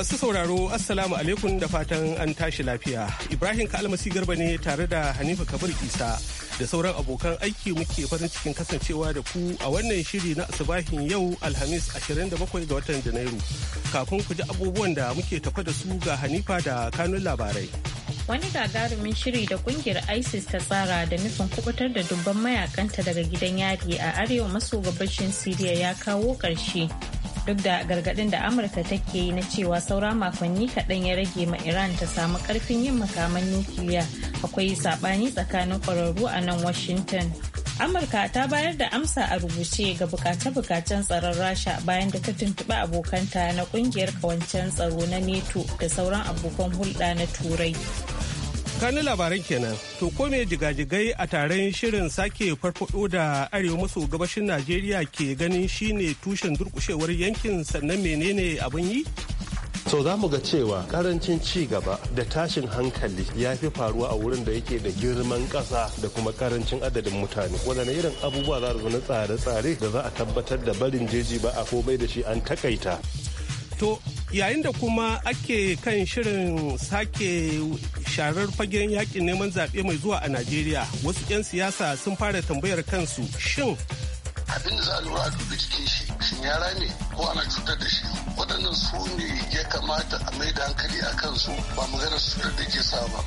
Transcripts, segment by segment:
Masu sauraro Assalamu alaikum da fatan an tashi lafiya. Ibrahim Kalmasi Garba ne tare da Hanifa Kabir Isa da sauran abokan aiki muke farin cikin kasancewa da ku a wannan shiri na asibahin yau Alhamis 27 ga watan Janairu. Kafin ku ji abubuwan da muke tafa da su ga Hanifa da kanun labarai. Wani gagarumin shiri da kungiyar ISIS ta tsara da nufin kubutar da dubban mayakanta daga gidan yari a arewa maso gabashin syria ya kawo ƙarshe. duk da gargadin da amurka take yi na cewa saura makonni kaɗan ya rage ma iran ta samu karfin yin makaman nukiliya akwai saɓani tsakanin kwararru a nan washington amurka ta bayar da amsa a rubuce ga bukace-bukacen tsaron rasha bayan da ta tuntuɓi abokanta na ƙungiyar ƙawancen tsaro na neto da sauran abokan hulɗa na turai kanin labaran kenan to ko me jigajigai a taron shirin sake farfado da arewa maso gabashin najeriya ke ganin shine tushen durkushewar yankin sannan menene abin yi so za mu ga cewa karancin ci gaba da tashin hankali ya fi faruwa a wurin da yake da girman ƙasa da kuma karancin adadin mutane wadanne irin abubuwa za su na tsare-tsare da za a tabbatar da barin jeji ba a komai da shi an takaita To yayin da kuma ake kan shirin sake sharar fagen yakin neman zaɓe mai zuwa a Najeriya wasu 'yan siyasa sun fara tambayar kansu shin abin da za a lura a dubi cikin shi shin yara ne ko ana cutar da shi waɗannan su ne ya kamata a mai da hankali a kansu ba magana su da ke sa ba.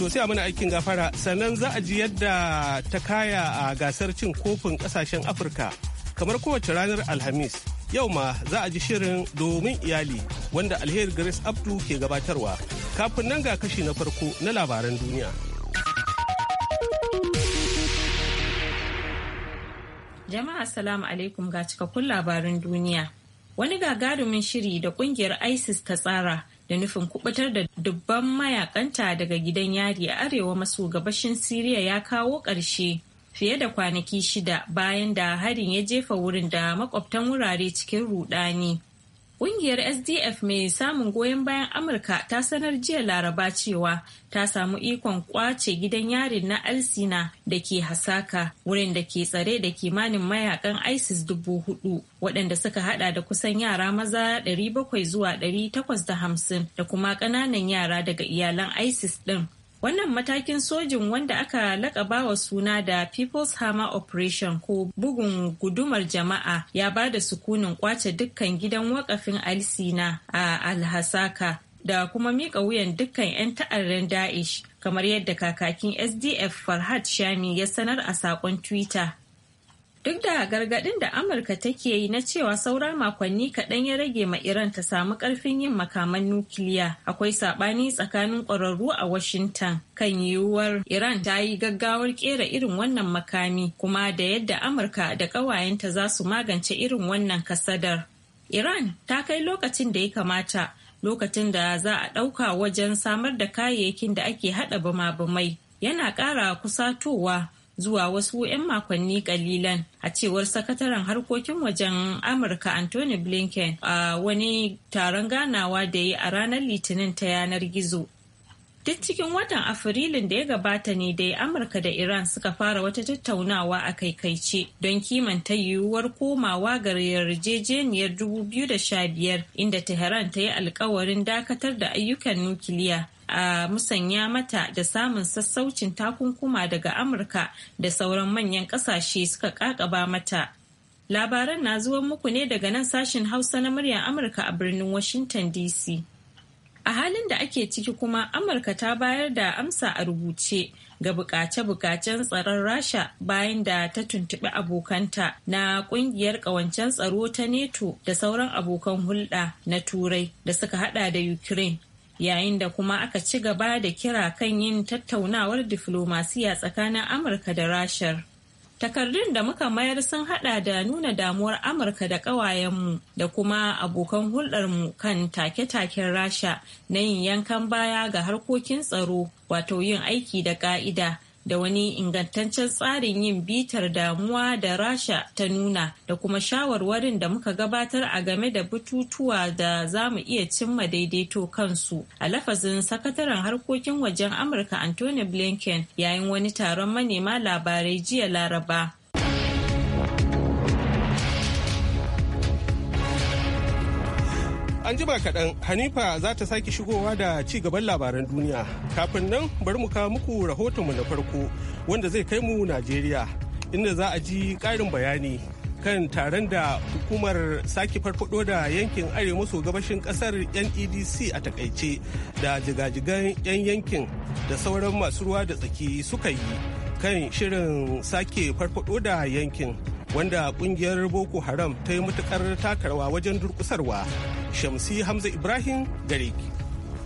To sai a mana aikin gafara sannan za a ji yadda ta kaya a gasar cin kofin ƙasashen Afirka kamar kowace ranar Alhamis Yau ma za a ji shirin domin iyali wanda alheri Grace Abdu ke gabatarwa. Kafin nan ga kashi na farko na labaran duniya. Jama'a salamu alaikum ga cikakkun labarin duniya. Wani gagarumin shiri da kungiyar ISIS ta tsara da nufin kubutar da dubban mayakanta daga gidan yari a arewa maso gabashin Siriya ya kawo ƙarshe fiye da kwanaki shida bayan da harin ya jefa wurin da makwabtan wurare cikin rudani. Ƙungiyar SDF mai samun goyon bayan Amurka ta sanar jiya Laraba cewa ta samu ikon kwace gidan yarin na Alsina da ke Hasaka wurin da ke tsare da kimanin mayakan ISIS dubu hudu waɗanda suka hada da kusan yara maza 700 zuwa 850 da kuma ƙananan yara daga iyalan ISIS ɗin. Wannan matakin sojin wanda aka lakaba wa suna da People's Hammer Operation ko bugun gudumar jama'a ya ba da sukunin kwace dukkan gidan wakafin Alsina a Alhasaka da kuma mika wuyan dukkan 'yan ta'arren Daesh kamar yadda kakakin SDF Farhat Shami ya sanar a saƙon Twitter. duk da gargaɗin da amurka take yi na cewa saura makonni kaɗan ya rage ma iran ta samu ƙarfin yin makaman nukiliya akwai saɓani tsakanin ƙwararru a washington kan yiwuwar iran ta yi gaggawar ƙera irin wannan makami kuma da yadda amurka da ƙawayenta za su magance irin wannan kasadar iran ta kai lokacin da ya kamata lokacin da za a ɗauka wajen samar da kayayyakin da ake haɗa bama yana ƙara kusatowa zuwa wasu 'yan makonni kalilan a cewar sakataren harkokin wajen amurka anthony blinken a wani taron ganawa da ya a ranar litinin ta yanar gizo duk cikin watan afrilun da ya gabata ne dai amurka da iran suka fara wata tattaunawa a kaikaice don kimanta yiwuwar komawa ga yarjejeniyar 2015 inda tehran ta yi alkawarin dakatar da ayyukan nukiliya a musanya mata da samun sassaucin takunkuma daga amurka da sauran manyan ƙasashe suka ƙaƙaba mata labaran na zuwan muku ne daga nan sashen hausa na muryar amurka a birnin washington dc a halin da ake ciki kuma amurka ta bayar da amsa a rubuce ga bukace-bukacen tsaron rasha bayan da ta tuntuɓi abokanta na ƙungiyar ƙawancen tsaro ta neto da sauran abokan hulɗa na turai da suka haɗa da ukraine yayin da kuma aka ci gaba da kira kan yin tattaunawar diflomasiya tsakanin amurka da rashar takardun da muka mayar sun hada da nuna damuwar amurka da kawayenmu da kuma abokan hulɗarmu kan take-taken rasha na yin yankan baya ga harkokin tsaro wato yin aiki da ka'ida da wani ingantaccen tsarin yin bitar damuwa da rasha ta nuna da kuma shawarwarin da muka gabatar a game da bututuwa da za mu iya cimma daidaito kansu a lafazin sakataren harkokin wajen amurka anthony blinken yayin wani taron manema labarai jiya laraba An ba kaɗan Hanifa za ta sake shigowa da ci gaban labaran duniya. Kafin nan bari mu kawo muku rahotonmu na farko wanda zai kai mu Najeriya inda za a ji ƙarin bayani kan taron da hukumar sake farfado da yankin arewa maso gabashin kasar NEDC a takaice da jigajigan 'yan yankin da sauran masu ruwa da tsaki suka yi kan shirin sake farfado da yankin wanda kungiyar boko haram ta yi matukar takarwa wajen durkusarwa shamsi hamza ibrahim Gareki.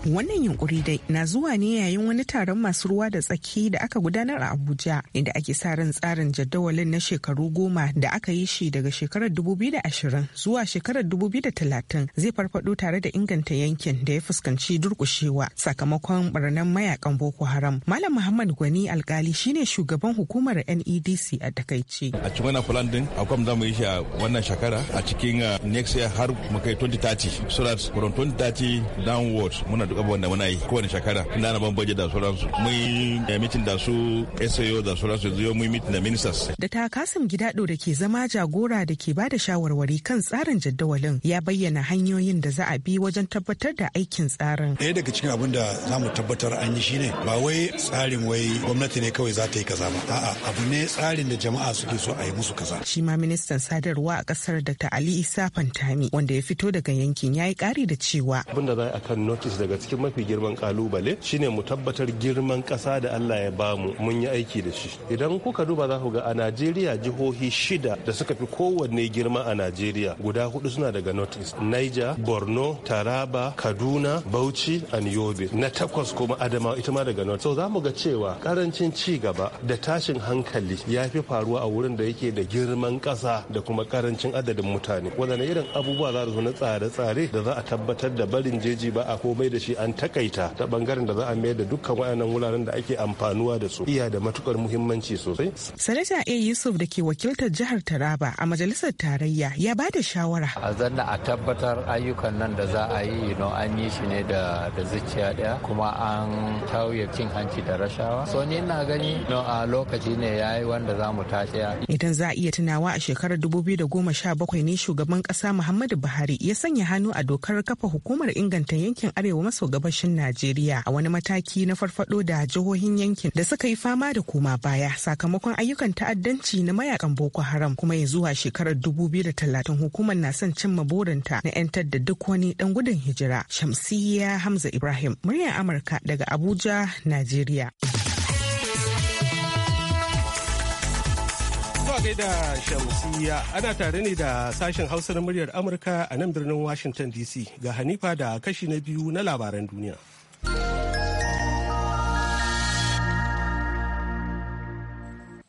Wannan yunkuri dai na zuwa ne yayin wani taron masu ruwa da tsaki da aka gudanar a Abuja inda ake sa ran tsarin jadawalin na shekaru goma da aka yi shi daga shekarar 2020 zuwa shekarar 2030 zai farfado tare da inganta yankin da ya fuskanci durkushewa sakamakon barnan mayakan Boko Haram. Malam Muhammad Gwani alkali shine shugaban hukumar NEDC a takaice. A cikin wannan plan din akwai za mu yi shi a wannan shekara a cikin uh, next year har mu kai 2030 so that from 2030 downwards muna da abubuwan da muna yi kowane shekara na na bambaje da sauransu mun yi eh, mitin da su SAO da sauransu yanzu mun mitin da ministers. Da ta Kasim Gidado da ke zama jagora da ke bada shawarwari kan tsarin jadawalin ya bayyana hanyoyin da za a bi wajen tabbatar da aikin tsarin. Ɗaya daga cikin abin da za mu tabbatar an yi shine ba wai tsarin wai gwamnati ne kawai za ta yi kaza ba a'a abu ne tsarin da jama'a suke so a yi musu kaza. Shi ma ministan sadarwa a kasar Dr. Ali Isa Fantami wanda ya fito daga yankin ya yi ƙari da cewa. Abin da za a kan notice daga cikin mafi girman kalubale shine mu tabbatar girman kasa da Allah ya bamu mun yi aiki da shi idan kuka duba za ku ga a Najeriya jihohi shida da suka fi kowanne girma a Najeriya guda hudu suna daga North East Niger Borno Taraba Kaduna Bauchi and Yobe na takwas kuma adama ita ma daga North so za mu ga cewa karancin ci gaba da tashin hankali ya fi faruwa a wurin da yake da girman ƙasa da kuma karancin adadin mutane wadanne irin abubuwa za su na tsare-tsare da za a tabbatar da barin jeji ba a komai da shi an takaita ta bangaren da za a mayar da dukkan wayannan wuraren da ake amfanuwa da su iya da matukar muhimmanci sosai. Sanata A Yusuf da ke wakiltar jihar Taraba a majalisar tarayya ya ba da shawara. A zanna a tabbatar ayyukan nan da za a yi no an yi shi ne da da zuciya ɗaya kuma an tauye cin hanci da rashawa. So ni ina gani no a lokaci ne ya yi wanda za mu tashi. Idan za a iya tunawa a shekarar bakwai ne shugaban ƙasa Muhammadu Buhari ya sanya hannu a dokar kafa hukumar inganta yankin Arewa maso gabashin Najeriya a wani mataki na farfado da jihohin yankin da suka yi fama da koma baya sakamakon ayyukan ta'addanci na mayakan Boko Haram kuma ya zuwa shekarar 2030 hukumar na son cimma burinta na 'yantar da duk wani dan gudun hijira. Shamsiyya Hamza Ibrahim, muryar Amurka daga Abuja, Najeriya. da Shamsiya ana tare ne da sashen Hausa na muryar Amurka a nan birnin Washington DC ga Hanifa da kashi na biyu na labaran duniya.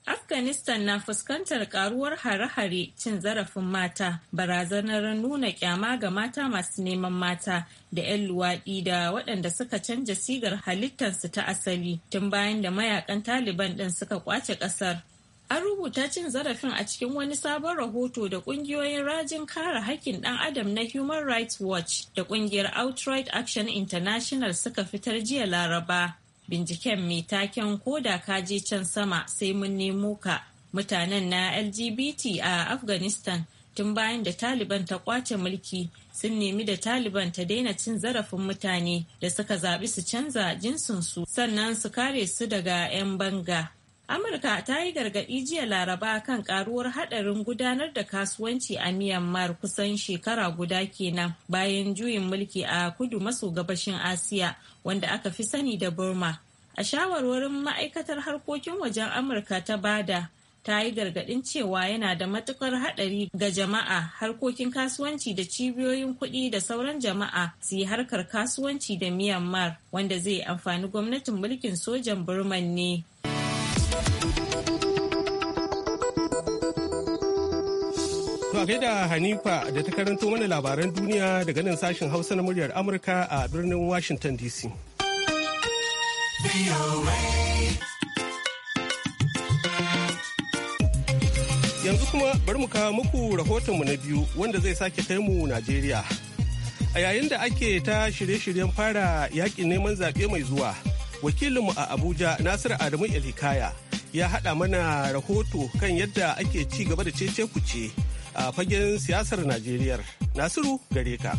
Afghanistan na fuskantar karuwar hare-hare cin zarafin mata, barazanar nuna kyama ga mata masu neman mata da 'yan luwaɗi da waɗanda suka canja sigar halittarsu ta asali tun bayan da mayakan Taliban ɗin suka kwace ƙasar. An rubuta cin zarafin a cikin wani sabon rahoto da kungiyoyin rajin kare haƙƙin ɗan adam na Human Rights Watch da kungiyar Outright Action International suka fitar jiya Laraba. Binciken mai taken koda kaje can sama sai mun nemo ka mutanen na LGBT a Afghanistan tun bayan da Taliban ta kwace mulki sun nemi da Taliban ta daina cin zarafin mutane da suka zaɓi su canza jinsinsu sannan su kare su daga 'yan banga. Amurka ta yi gargaɗi jiya Laraba kan karuwar haɗarin gudanar da kasuwanci a Myanmar kusan shekara guda kenan bayan juyin mulki a kudu maso gabashin Asiya wanda aka fi sani da Burma. A shawarwarin ma'aikatar harkokin wajen Amurka ta bada ta yi gargaɗin cewa yana da matukar haɗari ga jama'a harkokin kasuwanci da cibiyoyin kuɗi da sauran jama'a su yi harkar kasuwanci da Myanmar wanda zai amfani gwamnatin mulkin sojan Burman ne. To da Hanifa da ta karanto mana labaran duniya daga nan sashen Hausa na muryar Amurka a birnin Washington DC. Yanzu kuma bari mu kawo muku rahotonmu na biyu wanda zai sake kai mu Najeriya. A yayin da ake ta shirye-shiryen fara yakin neman zaɓe mai zuwa, wakilinmu a Abuja Nasiru Adamu Elhikaya ya haɗa mana rahoto kan yadda ake ci gaba da cece kuce. ce a fagen siyasar Najeriya. Nasiru gare ka.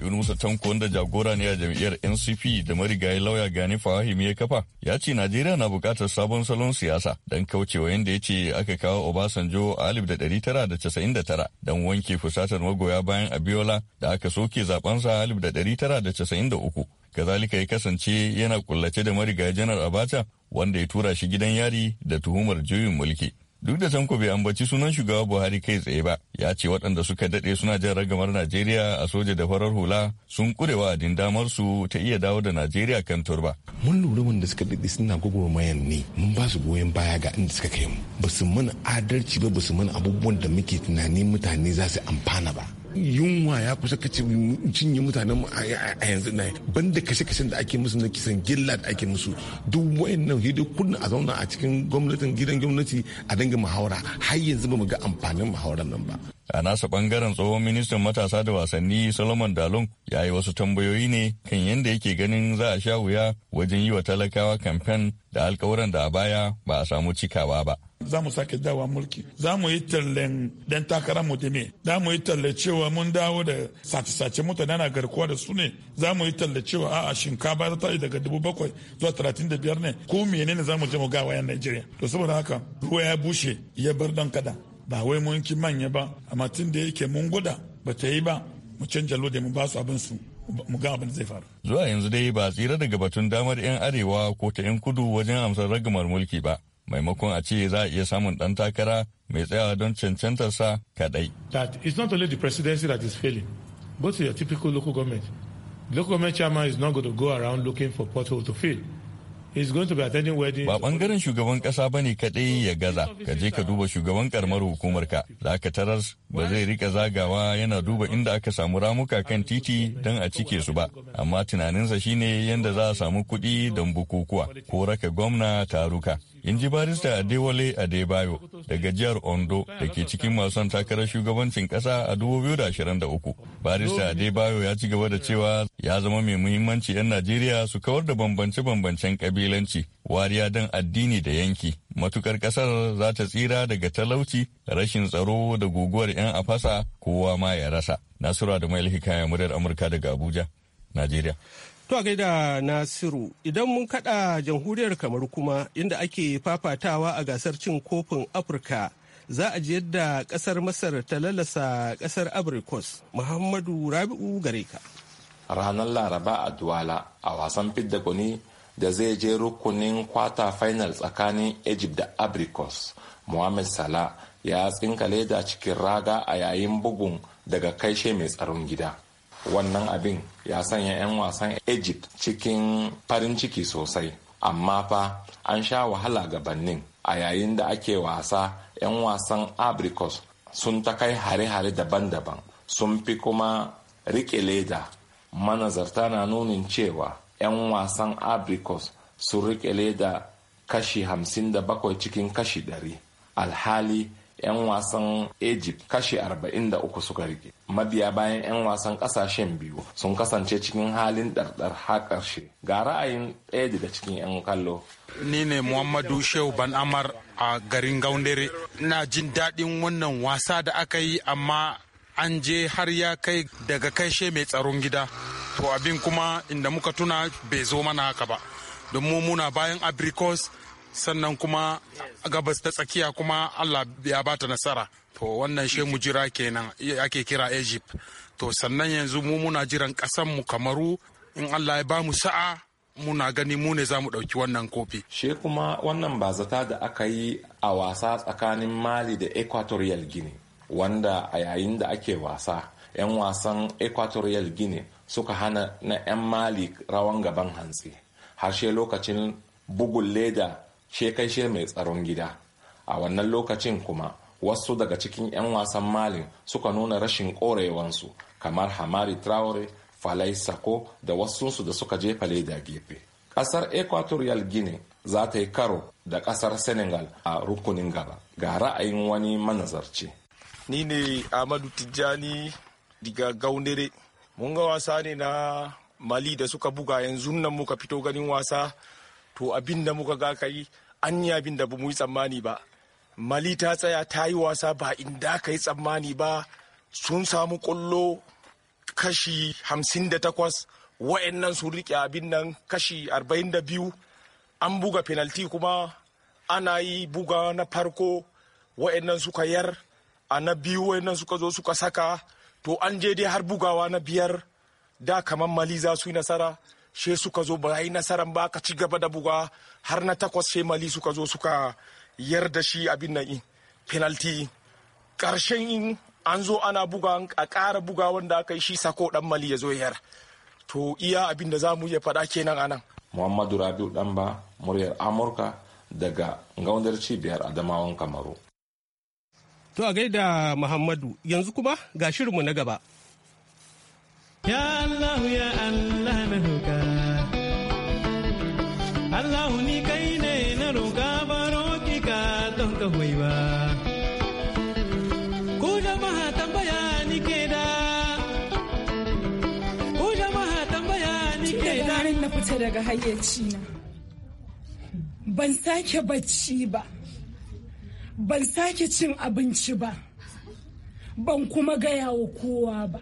Yunusa Tanko wanda jagora ne a jam'iyyar NCP da marigayi lauya Gani Fahim ya kafa ya ce Najeriya na bukatar sabon salon siyasa don kaucewa yadda ya ce aka kawo Obasanjo a alif da don wanke fusatar magoya bayan Abiola da aka soke zabensa a alif da tara da casa'in da uku. Kazalika ya kasance yana kullace da marigayi Janar Abacha wanda ya tura shi gidan yari da tuhumar juyin mulki. Duk da Tanko bai ambaci sunan shugaba Buhari kai tsaye ba, ya ce waɗanda suka daɗe suna jan ragamar Najeriya a soja da farar hula sun kurewa a damar su ta iya dawo da Najeriya kan turba. Mun lura wanda suka daɗe suna mayan ne, mun ba su goyon baya ga inda suka kai mu. Ba su mana adalci ba, ba su mana abubuwan da muke tunanin mutane za su amfana ba. yunwa ya kusa kace cinye mutanen mu a yanzu na banda kashe-kashen da ake musu na kisan gilla da ake musu duk wayannan kunna a zauna a cikin gwamnatin gidan gwamnati a dinga muhawara har yanzu ba mu ga amfanin muhawaran nan ba A nasa bangaren tsohon ministan matasa da wasanni Solomon Dalon ya yi wasu tambayoyi ne kan yadda yake ganin za a sha wuya wajen yi wa talakawa kamfen da alkawuran da a baya ba a samu cikawa ba. Za mu sake dawa mulki, za mu yi tallen dan takara mu da za mu yi talle cewa mun dawo da sace-sace mutane na garkuwa da su ne, za mu yi talle cewa a'a shinkafa ta yi daga dubu bakwai zuwa talatin da biyar ne, ko menene za mu je mu ga wayan Najeriya. To saboda haka ruwa ya bushe ya bar dan kada. ba wai mun ki manya ba amma tun da yake mun guda ba ta yi ba mu canja lode mu ba su abin su mu ga abin zai faru. Zuwa yanzu dai ba tsira daga batun damar 'yan arewa ko ta 'yan kudu wajen amsar ragamar mulki ba. Maimakon a ce za a iya samun ɗan takara mai tsayawa don cancantar sa kaɗai. That is not only the presidency that is failing, but your typical local government. local government chairman is not going to go around looking for portal to fill. Ba bangaren shugaban kasa bane kadai ya gaza, ka je ka duba shugaban karamar hukumar ka, za ka tarar ba zai rika zagawa yana duba inda aka samu ramuka kan titi don a cike su ba amma tunaninsa shine yadda za a samu kuɗi don bukukuwa ko raka gwamna taruka in ji barista adewale adebayo daga jihar ondo da ke cikin masu takarar shugabancin ƙasa a 2023 barista adebayo ya ci gaba da cewa ya zama mai muhimmanci 'yan najeriya su kawar da bambance-bambancen kabilanci wariya don addini da yanki matukar kasar za ta tsira daga talauci rashin tsaro da guguwar 'yan afasa kowa ma ya rasa nasura da mai kayan muryar amurka daga abuja najeriya to gaida nasiru idan mun kada jamhuriyar kamar kuma inda ake fafatawa a gasar cin kofin afirka za a ji yadda kasar masar ta lalasa kasar abrikos muhammadu rabi'u gare ka ranar laraba a duwala a wasan fidda gwani da zai je rukunin kwata final tsakanin egypt da abricos mohamed salah ya tsinka leda cikin raga a yayin bugun daga kaishe mai tsaron gida wannan abin ya sanya 'yan wasan egypt cikin farin ciki sosai amma fa an sha wahala gabanin a yayin da ake wasa 'yan wasan abricos sun ta kai hare-hare daban-daban sun fi kuma rike leda manazarta na nunin cewa 'yan wasan abricos sun rike da kashi 57 cikin kashi 100 alhali 'yan wasan egypt kashi 43 suka rike mabiya bayan 'yan wasan kasashen biyu sun kasance cikin halin ɗarɗar har karshe ga ra'ayin ɗaya daga cikin 'yan kallo ni ne muhammadu shehu ban amar a garin gaundere na jin daɗin wannan wasa da aka yi amma an je har ya kai daga kashe mai tsaron gida to abin kuma inda muka tuna bai zo mana haka ba don mu muna bayan abricos sannan kuma gabas ta tsakiya kuma allah ya bata nasara to wannan she mu jira kenan ake kira egypt to sannan yanzu mu muna jiran kasan mu kamaru in allah ya bamu sa'a muna gani mu ne za mu ɗauki wannan kofi. Shi kuma wannan zata da aka yi a wasa tsakanin Mali da Equatorial Guinea, wanda a yayin da ake wasa, 'yan wasan Equatorial Guinea suka hana na 'yan mali rawan gaban hantsi harshe lokacin bugun leda shekaishe mai tsaron gida a wannan lokacin kuma wasu daga cikin 'yan wasan mali suka nuna rashin korewansu kamar hamari traore falai sako da wasunsu da suka jefa leda gefe Ƙasar equatorial guinea za ta yi karo da ƙasar senegal a rukunin gaba ga ra'ayin wani manazarci ni ne amadu tijjani daga gaunere mun ga wasa ne na mali da suka buga yanzu nan muka fito ganin wasa to abin da muka ga kai an yi abin da mu yi tsammani ba mali ta tsaya ta yi wasa ba inda ka yi tsammani ba sun samu kullo kashi hamsin da takwas wa'annan sun rike abin nan kashi arba'in da biyu an buga penalti kuma ana yi buga na farko wa'annan suka yar a na biyu wa'annan suka zo suka saka to an je dai har bugawa na biyar da kamar mali za su yi nasara she suka zo ba yi nasaran ba ka ci gaba da buga har na takwas she mali suka zo suka yarda shi abin nan in penalty karshen in an zo ana buga a ƙara buga wanda aka yi shi sako dan mali ya zo yara to iya abin da za mu iya faɗa kenan anan muhammadu rabiu ba muryar amurka daga gaunar cibiyar adamawan kamaru To a gaida Muhammadu yanzu kuma ga shirinmu na gaba. Ya Allah ya Allah na roƙa. Allah ni kai ne na roƙa ba roƙi ka don ka ba. Ku tambaya ni ke da. Ku tambaya ni ke da. na fita daga hayyaci na. Ban sake bacci ba. ban sake cin abinci ba ban kuma gaya wa kowa ba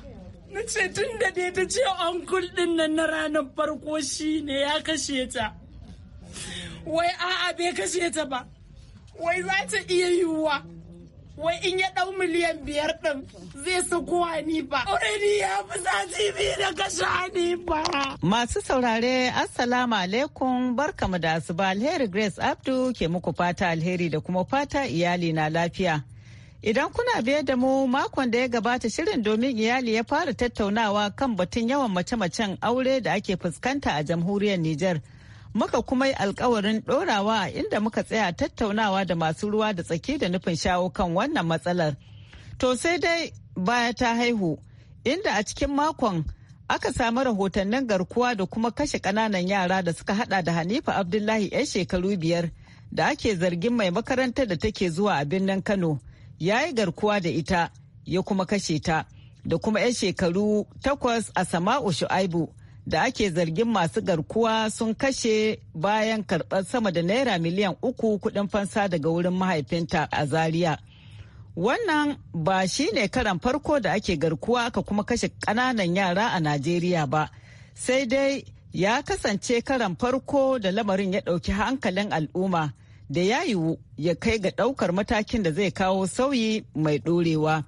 na ce tun da dai ta ce an din nan na ranar farko shi ne ya kashe ta wai a'a bai kashe ta ba wai za ta iya yiwuwa wai in ya ɗau miliyan biyar ɗin zai sako Hanifa. Already ya fi sati biyu da kashe Hanifa. Masu saurare Assalamu alaikum barkamu da asuba alheri Grace Abdu ke muku fata alheri da kuma fata iyali na lafiya. Idan kuna biye da mu makon da ya gabata shirin domin iyali ya fara tattaunawa kan batun yawan mace-macen aure da ake fuskanta a jamhuriyar Nijar. muka kuma yi alkawarin ɗorawa inda muka tsaya tattaunawa da masu ruwa da tsaki da nufin shawo kan wannan matsalar. To sai dai baya ta haihu, inda a cikin makon aka samu rahotannin garkuwa da kuma kashe ƙananan yara da suka hada da Hanifa Abdullahi 'yan shekaru biyar da ake zargin mai makarantar da take zuwa a birnin Kano ya yi garkuwa da ita ya kuma kashe ta da kuma 'yan shekaru takwas a Sama'u Shu'aibu. da ake zargin masu garkuwa sun kashe bayan karɓar sama da naira miliyan uku kuɗin fansa daga wurin mahaifinta a zaria wannan ba shi ne karan farko da ake garkuwa ka kuma kashe ƙananan yara a najeriya ba sai dai ya kasance karan farko da lamarin ya ɗauki hankalin al'umma da ya yiwu ya kai ga ɗaukar matakin da zai kawo sauyi mai ɗorewa.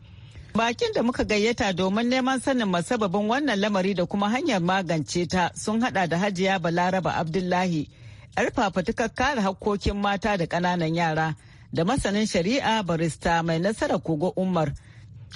Bakin da muka gayyata domin neman sanin masababin wannan lamari da kuma hanyar magance ta sun hada da Hajiya Balaraba Abdullahi, 'yar fafutukar kare hakkokin mata da ƙananan yara, da masanin shari'a barista mai nasara kogo Umar,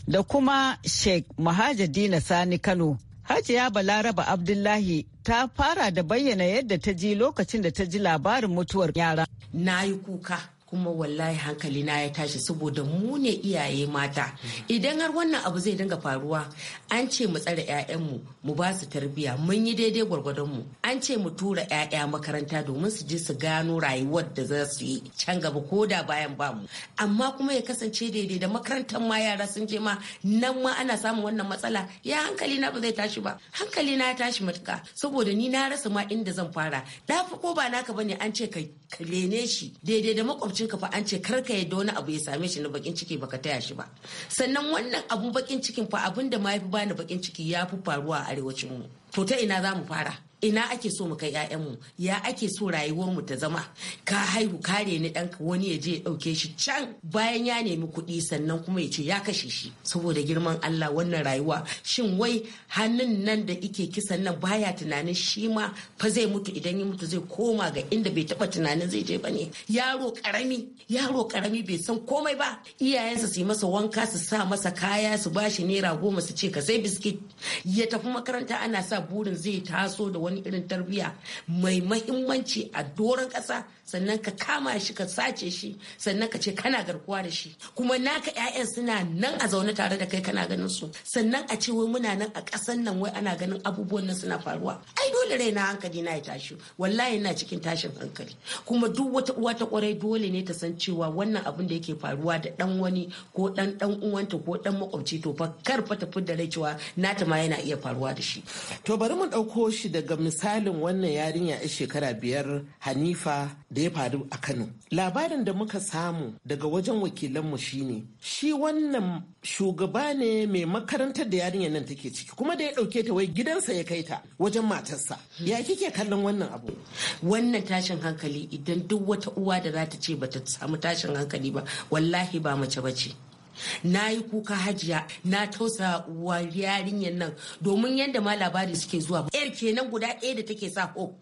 da kuma Sheikh Mahajadina Sani Kano. Hajiya Balaraba Abdullahi ta fara da bayyana yadda ta ji lokacin da ta ji labarin mutuwar yara. Na yi kuka. kuma wallahi hankali na ya tashi saboda mu ne iyaye mata mm. idan har wannan abu zai dinga faruwa an ce mu tsare 'ya'yanmu mu ba su tarbiyya mun yi daidai gwargwadon mu an ce mu tura 'ya'ya makaranta domin su je su gano rayuwar da za su yi can gaba ko da bayan ba mu amma kuma ya kasance daidai da makarantar ma yara sun je ma nan ma ana samun wannan matsala ya hankali na ba zai tashi ba hankali na ya tashi matuka saboda ni na rasa ma inda zan fara na ko ba naka ba ne an ce ka lene shi daidai da makwabci makwabcin fa an ce kar ka yadda wani abu ya same shi na bakin ciki baka taya shi ba sannan wannan abu bakin cikin fa abin da ma bani bakin ciki ya fi faruwa a arewacin mu to ta ina za mu fara ina ake so mu kai mu? ya ake so rayuwar mu ta zama ka haihu kare ni danka wani ya je ya ɗauke shi can bayan ya nemi kuɗi sannan kuma ya ce ya kashe shi saboda girman Allah wannan rayuwa shin wai hannun nan da ike kisan nan baya tunanin shi ma fa zai mutu idan ya mutu zai koma ga inda bai taba tunanin zai je ba ne yaro karami yaro karami bai san komai ba iyayensa su yi masa wanka su sa masa kaya su bashi naira goma su ce ka sai biskit ya tafi makaranta ana sa burin zai taso da wani irin tarbiyya mai mahimmanci a doron ƙasa sannan ka kama shi ka sace shi sannan ka ce kana garkuwa da shi kuma naka 'ya'yan suna nan a zaune tare da kai kana ganin su sannan a ce wai muna nan a ƙasan nan wai ana ganin abubuwan nan suna faruwa ai dole rai na hankali na ya tashi wallahi ina cikin tashin hankali kuma duk wata uwa ta kwarai dole ne ta san cewa wannan abin da yake faruwa da dan wani ko dan dan uwanta ko dan makwabci to fa kar fa ta fidda rai cewa nata ma yana iya faruwa da shi to bari mu dauko shi daga misalin wannan yarinya a shekara biyar Hanifa da ya faru a Kano. Labarin da muka samu daga wajen wakilanmu shine shi wannan shugaba ne mai makarantar da yarinyar nan take ciki kuma da ya dauke ta wai gidansa ya kai ta wajen matarsa. Ya kike kallon wannan abu? Wannan tashin hankali idan duk wata uwa da za ta ce ba ta samu tashin hankali ba wallahi ba mace bace. na yi kuka hajiya na tausa wa yarinyar nan domin yadda ma labari suke zuwa yar kenan guda ɗaya da take sa ko.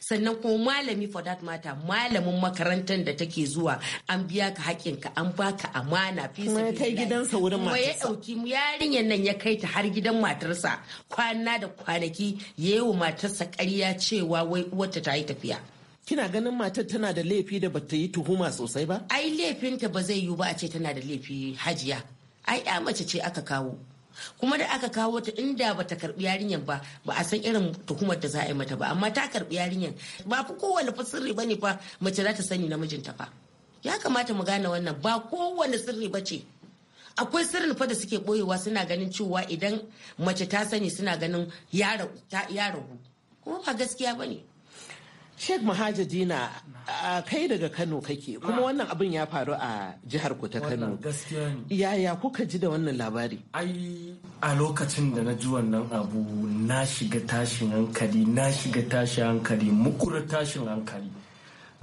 sannan kuma malami for that matter malamin makarantar da take zuwa an biya ka haƙinka an baka amana fi kuma ya kai gidansa wurin matarsa kuma ya ɗauki yarinyar nan ya kai ta har gidan matarsa kwana da kwanaki ya yi wa matarsa ƙarya cewa wai uwarta ta yi tafiya kina ganin matar tana da laifi da bata yi tuhuma sosai ba ai laifinta ba zai yiwu ba a ce tana da laifi hajiya ai ya mace ce aka kawo kuma da aka kawo ta inda bata karbi yarinyar ba ba a san irin tuhumar da za a yi mata ba amma ta karbi yarinyar ba fi kowane sirri ba ne fa mace za ta sani namijinta fa ya kamata mu gane wannan ba kowane sirri ba ce akwai sirrin fa da suke boyewa suna ganin cewa idan mace ta sani suna ganin ya ragu kuma ba gaskiya ba ne Sheikh Mahajadina kai daga Kano kake kuma ah. wannan abin ya faru a jihar ku ta Kano. Yaya kuka ji da wannan labari? Ai a lokacin da na ji wannan abu na shiga tashin hankali na shiga tashin hankali mukura tashin hankali.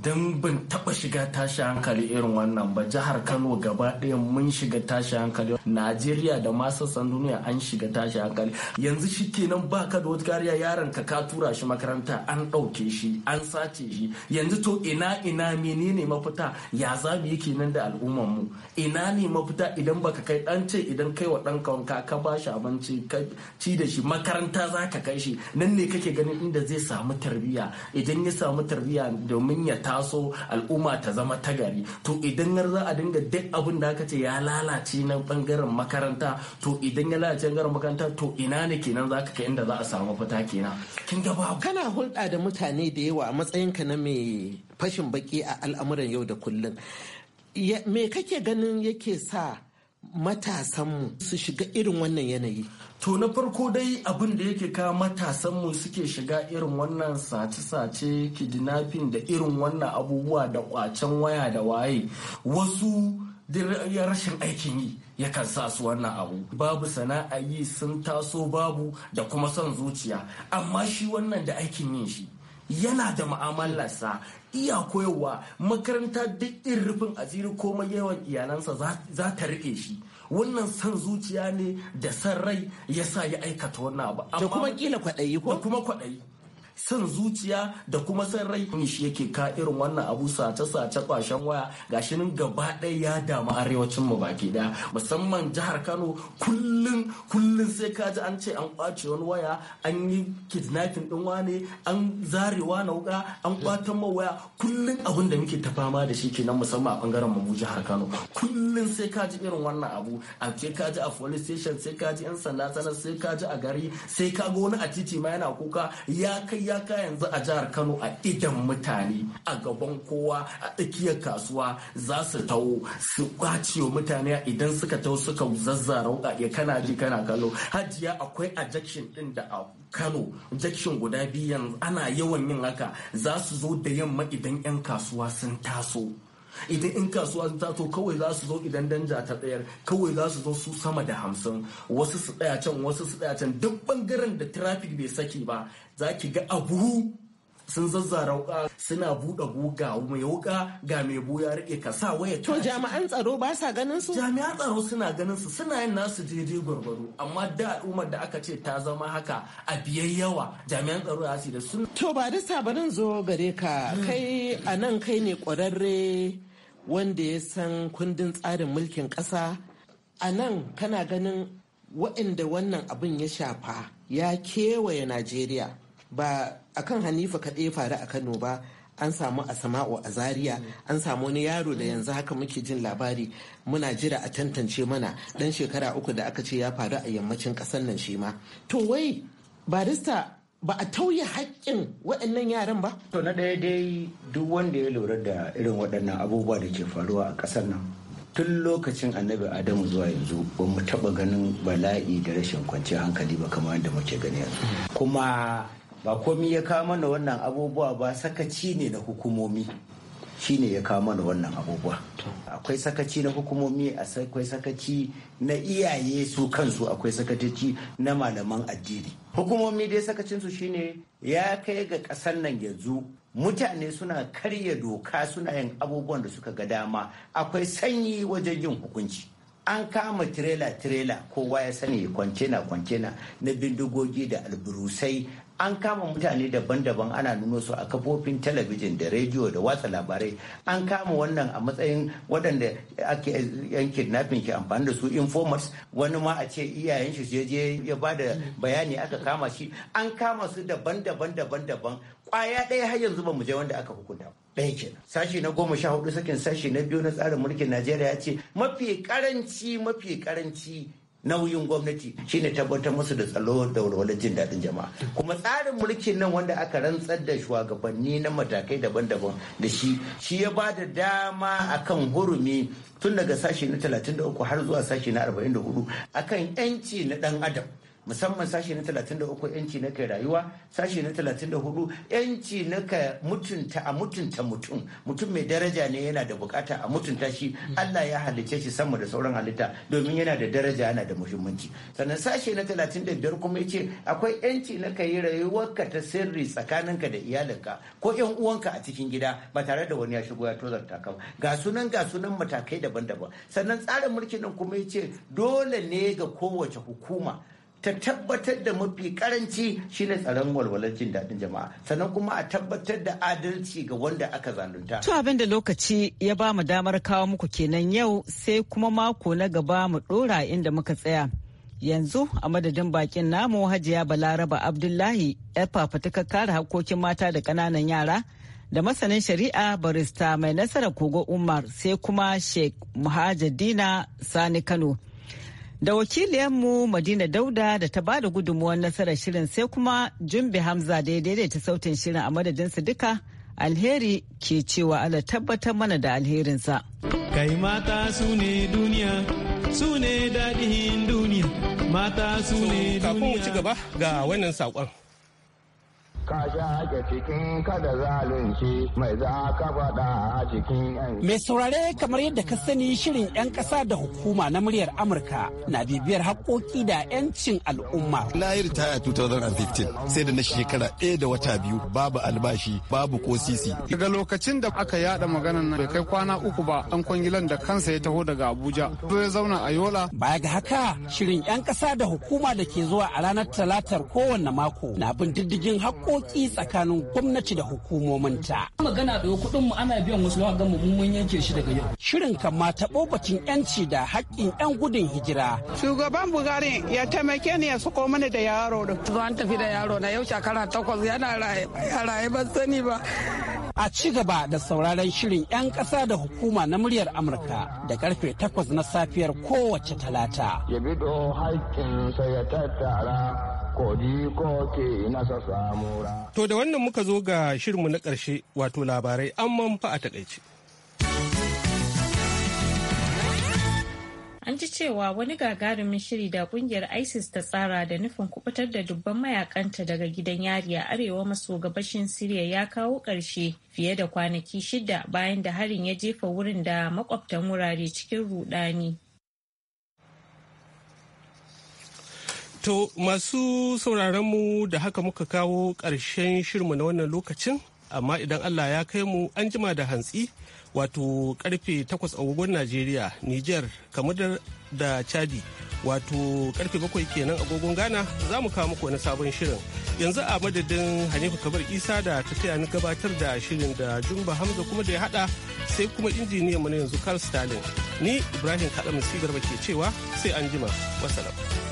don bin taba shiga tashi hankali irin wannan ba jihar kano gaba ɗaya mun shiga tashi hankali najeriya da masu sassan duniya an shiga tashi hankali yanzu shi kenan ka da wata kariya yaron ka ka tura shi makaranta an ɗauke shi an sace shi yanzu to ina ina menene mafita ya zabi yake nan da al'umman mu ina ne mafita idan baka kai dan ce idan kai wa dan wanka ka ba shi abinci ka ci da shi makaranta za ka kai shi nan ne kake ganin inda zai samu tarbiyya idan ya samu tarbiyya domin ya taso al'umma ta zama ta gari to idan har za a dinga duk abin da aka ce ya lalace na bangaren makaranta to idan ya lalace bangaren makaranta to ina ne kenan za ka kai inda za a samu fita kenan kin ga ba kana hulɗa da mutane da yawa a matsayinka na mai fashin baki a al'amuran yau da kullum me kake ganin yake sa matasanmu su shiga irin wannan yanayi? To na farko dai abin da yake ka matasanmu suke shiga irin wannan sace-sace kidnapping da irin wannan abubuwa da kwacen waya da waye wasu rashin aikin yi yakan sa su wannan abu babu sana'a yi sun taso babu da kuma son zuciya amma shi wannan da aikin yin shi yana da mu'amalarsa iya koyarwa makaranta duk irin rufin asiri komai yawan iyalansa za ta riƙe shi wannan san zuciya ne da san rai ya sa ya aikata wannan abu da kuma kila kwaɗayi ko da kuma kwaɗayi san zuciya da kuma san rai shi yake ka irin wannan abu sace sace kwashen waya gashi nan gaba ɗaya ya damu arewacin mu baki daya musamman jihar Kano kullun kullun sai ka ji an ce an kwace wani waya an yi kidnapping din wane an zarewa na wuka an kwatan ma waya kullun abin da muke ta fama da shi kenan musamman a bangaren mu jihar Kano kullun sai ka ji irin wannan abu a ce ka ji a police station sai ka ji yan sanda sanar sai ka ji a gari sai ka ga wani a titi ma yana kuka ya kai iyaka yanzu a jihar kano a idan mutane a gaban kowa a tsakiyar kasuwa za su tawo su kwace wa mutane idan suka tawo suka zazzara wuƙaƙe kana ji kana kallo hajiya akwai ajection ɗin da a kano jakshin guda biyu yanzu ana yawan yin haka za su zo da yamma idan 'yan kasuwa sun taso idan in kasuwa ta to kawai za su zo idan danja ta tsayar kawai za su zo su sama da hamsin wasu su tsaya wasu su tsaya duk bangaren da traffic bai saki ba za ki ga abu sun zazzara wuka suna buɗe guga mai wuka ga mai buya rike ka sa waya to jami'an tsaro ba sa ganin su jami'an tsaro suna ganin su suna yin nasu daidai gwargwaro amma da al'ummar da aka ce ta zama haka a yawa jami'an tsaro ya ce da sun to ba da sabanin zo gare ka kai a nan kai ne kwararre wanda ya san kundin tsarin mulkin ƙasa a nan kana ganin waɗanda wannan abin ya shafa ya kewaye najeriya ba a kan hanifa kaɗai faru a kano ba an samu a sama'o a zaria an samu wani yaro da yanzu haka muke jin labari muna jira a tantance mana ɗan shekara uku da aka ce ya faru a yammacin ƙasar nan shi ma to wai barista ba a tauye haƙƙin waɗannan yaran ba to na ɗaya dai duk wanda ya lura da irin waɗannan abubuwa da ke faruwa a ƙasar nan tun lokacin annabi adamu zuwa yanzu ba mu taɓa ganin bala'i da rashin kwanciyar hankali ba kamar yadda muke gani yanzu kuma ba komi ya kawo mana wannan abubuwa ba sakaci ne na hukumomi ne ya kawo mana wannan abubuwa akwai sakaci na hukumomi akwai sakaci na iyaye su kansu akwai sakaci na malaman addini hukumomi dai sakacinsu shine ya kai ga ƙasar nan yanzu mutane suna karya doka suna yin abubuwan da suka ga dama akwai sanyi wajen yin hukunci an kama tirela-tirela kowa ya sani kwantena-kwantena na bindigogi da alburusai an kama mutane daban-daban ana nuno su a kafofin talabijin da rediyo da watsa labarai an kama wannan a matsayin waɗanda ake yan kidnapping ke amfani da su informers wani ma a ce iyayen shi je ya ba da bayani aka kama shi an kama su daban-daban daban-daban kwaya ɗaya har yanzu ba mu je wanda aka hukunta ɗaya kenan sashi na goma sha hudu sakin sashi na biyu na tsarin mulkin najeriya ya ce mafi karanci mafi karanci nauyin gwamnati shine tabbatar musu da tsaro da walwalar jin daɗin jama'a kuma tsarin mulkin nan wanda aka rantsar da shugabanni na matakai daban-daban da shi shi ya ba da dama akan hurumi tun daga sashe na 33 har zuwa sashe na 44 akan yanci na ɗan adam musamman sashe na 33 yanci na kai rayuwa sashe na 34 yanci na ka mutunta a mutunta mutum mutum mai daraja ne yana da bukata a mutunta shi Allah ya halicce shi sama da sauran halitta domin yana da daraja yana da muhimmanci sannan sashe na 35 kuma yace akwai yanci na kai rayuwarka ta sirri tsakaninka da iyalinka ko yan uwanka a cikin gida ba tare da wani ya shigo ya tozarta ka ga sunan ga sunan matakai daban-daban sannan tsarin mulkin kuma yace dole ne ga kowace hukuma ta tabbatar da mafi karanci shine tsaron walwalar jin daɗin jama'a sannan kuma a tabbatar da adalci ga wanda aka zalunta. To abin da lokaci ya ba mu damar kawo muku kenan yau sai kuma mako na gaba mu ɗora inda muka tsaya. Yanzu a madadin bakin namu Hajiya Balaraba Abdullahi yar ka kare hakokin mata da ƙananan yara da masanin shari'a barista mai nasara kogo Umar sai kuma Sheikh Muhajadina Sani Kano. da wakiliyanmu Madina Dauda da ta bada gudunmuwar nasarar shirin sai kuma Jumbe Hamza da ya daidaita sautin shirin a madadinsa duka alheri ke cewa ala tabbatar mana da alherinsa. Kai mata su ne duniya, su ne daɗin duniya, mata su ne duniya. Kafin mu ci gaba ga wannan saƙon. ka cikin kada zalunci mai za ka faɗa a cikin Mai saurare kamar yadda ka sani shirin 'yan ƙasa da hukuma na muryar Amurka na bibiyar haƙoƙi da 'yancin al'umma. Na yi ritaya 2015 sai da na shekara ɗaya da wata biyu babu albashi babu ko sisi. Daga lokacin da aka yada maganan na bai kai kwana uku ba an kwangilan da kansa ya taho daga Abuja. to ya zauna a Yola. Baya ga haka shirin 'yan ƙasa da hukuma da ke zuwa a ranar talatar kowanne mako na bin diddigin haƙoƙi sauki tsakanin gwamnati da hukumominta. Magana da kuɗin mu ana biyan wasu lawan gama mun yanke shi daga yau. Shirin kama taɓo bakin yanci da haƙƙin 'yan gudun hijira. Shugaban Bugari ya taimake ni ya suko mana da yaro da. Zuwan tafi da yaro na yau shekara takwas yana raye ba sani ba. a ci gaba da sauraron shirin 'yan ƙasa da hukuma na muryar Amurka da karfe 8 na safiyar kowace talata. Ya tattara To da wannan muka zo ga shirinmu na ƙarshe wato labarai an manfa a takaice. an ji cewa wani gagarumin shiri da kungiyar isis ta tsara da nufin kubutar da dubban mayakanta daga gidan yari a arewa maso gabashin siriya ya kawo ƙarshe fiye da kwanaki shida bayan da harin ya jefa wurin da makwabtan wurare cikin rudani to masu sauraronmu da haka muka kawo ƙarshen shirmu na wannan lokacin amma idan allah ya kai mu an jima da hantsi wato karfe 8 agogon Najeriya, Nijar, kamar da Chadi wato karfe 7 kenan agogon Ghana za mu kawo muku wani sabon shirin. Yanzu a madadin Hanifa Kabar Isa da ta taya ni gabatar da shirin da Jumba Hamza kuma da ya hada sai kuma injiniyan mu yanzu Carl Stalin. Ni Ibrahim Kaɗa Garba ke cewa sai an jima. Wasalam.